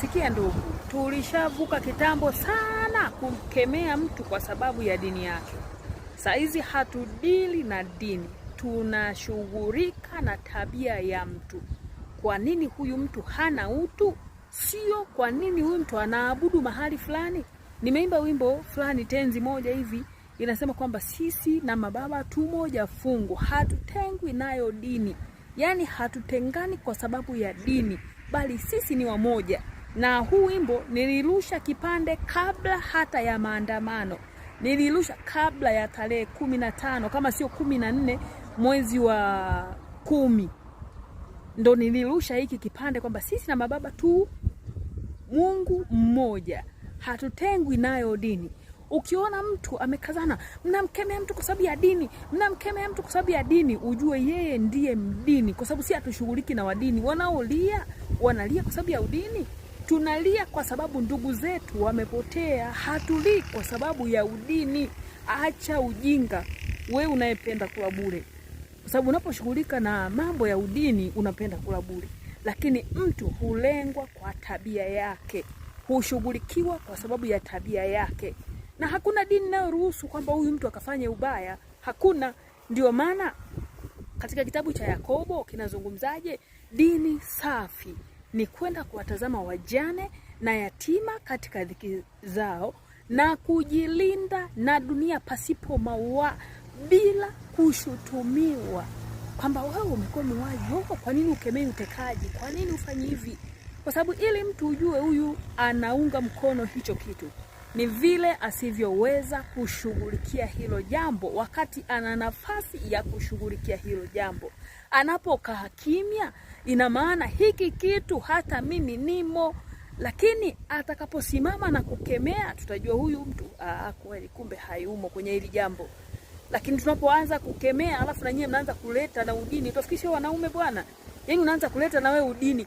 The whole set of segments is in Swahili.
Sikia ndugu, tulishavuka kitambo sana kumkemea mtu kwa sababu ya dini yake. Saizi hatudili na dini, tunashughulika na tabia ya mtu. Kwa nini huyu mtu hana utu? Sio kwa nini huyu mtu anaabudu mahali fulani. Nimeimba wimbo fulani, tenzi moja hivi inasema kwamba sisi na mababa tu moja fungu, hatutengwi nayo dini, yaani hatutengani kwa sababu ya dini, bali sisi ni wamoja na huu wimbo nilirusha kipande kabla hata ya maandamano, nilirusha kabla ya tarehe kumi na tano kama sio kumi na nne mwezi wa kumi ndo nilirusha hiki kipande kwamba sisi na mababa tu Mungu mmoja, hatutengwi nayo dini. Ukiona mtu amekazana, mnamkemea mtu kwa sababu ya dini, mnamkemea mtu kwa sababu ya dini, ujue yeye ndiye mdini, kwa sababu si hatushughuliki na wadini. Wanaolia wanalia kwa sababu ya udini. Tunalia kwa sababu ndugu zetu wamepotea, hatulii kwa sababu ya udini. Acha ujinga, we unayependa kula bure, kwa sababu unaposhughulika na mambo ya udini unapenda kula bure, lakini mtu hulengwa kwa tabia yake, hushughulikiwa kwa sababu ya tabia yake, na hakuna dini inayoruhusu kwamba huyu mtu akafanye ubaya. Hakuna. Ndio maana katika kitabu cha Yakobo kinazungumzaje dini safi ni kwenda kuwatazama wajane na yatima katika dhiki zao na kujilinda na dunia pasipo maua, bila kushutumiwa kwamba wewe umekuwa muuaji, wewe kwa nini ukemei utekaji, kwa nini ufanyi hivi? Kwa sababu ili mtu ujue huyu anaunga mkono hicho kitu ni vile asivyoweza kushughulikia hilo jambo wakati ana nafasi ya kushughulikia hilo jambo. Anapokaa kimya, ina maana hiki kitu hata mimi nimo, lakini atakaposimama na kukemea, tutajua huyu mtu ah, ah kweli kumbe hayumo kwenye hili jambo. Lakini tunapoanza kukemea, alafu nanyie mnaanza kuleta na udini, tuafikishe wanaume bwana yani unaanza kuleta na wewe udini,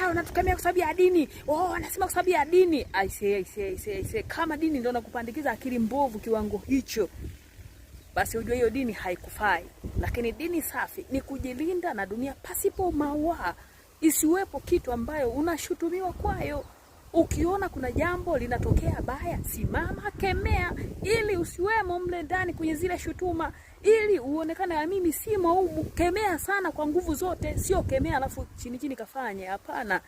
ah, ah, unatukemea kwa sababu ya dini, oh, anasema kwa sababu ya dini. Aisee, say, I say. Kama dini ndio nakupandikiza akili mbovu kiwango hicho, basi ujue hiyo dini haikufai. Lakini dini safi ni kujilinda na dunia pasipo mawaa, isiwepo kitu ambayo unashutumiwa kwayo. Ukiona kuna jambo linatokea baya, simama, kemea, ili usiwemo mle ndani kwenye zile shutuma, ili uonekane na ah, mimi si maumu. Kemea sana kwa nguvu zote, sio kemea alafu chini chini kafanye. Hapana,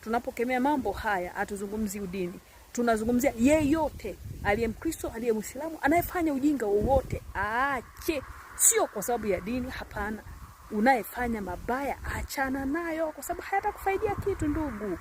tunapokemea mambo haya hatuzungumzi udini, tunazungumzia yeyote aliye Mkristo, aliye Mwislamu, anayefanya ujinga wowote aache, sio kwa sababu ya dini. Hapana, unayefanya mabaya achana nayo, kwa sababu hayatakufaidia kitu, ndugu.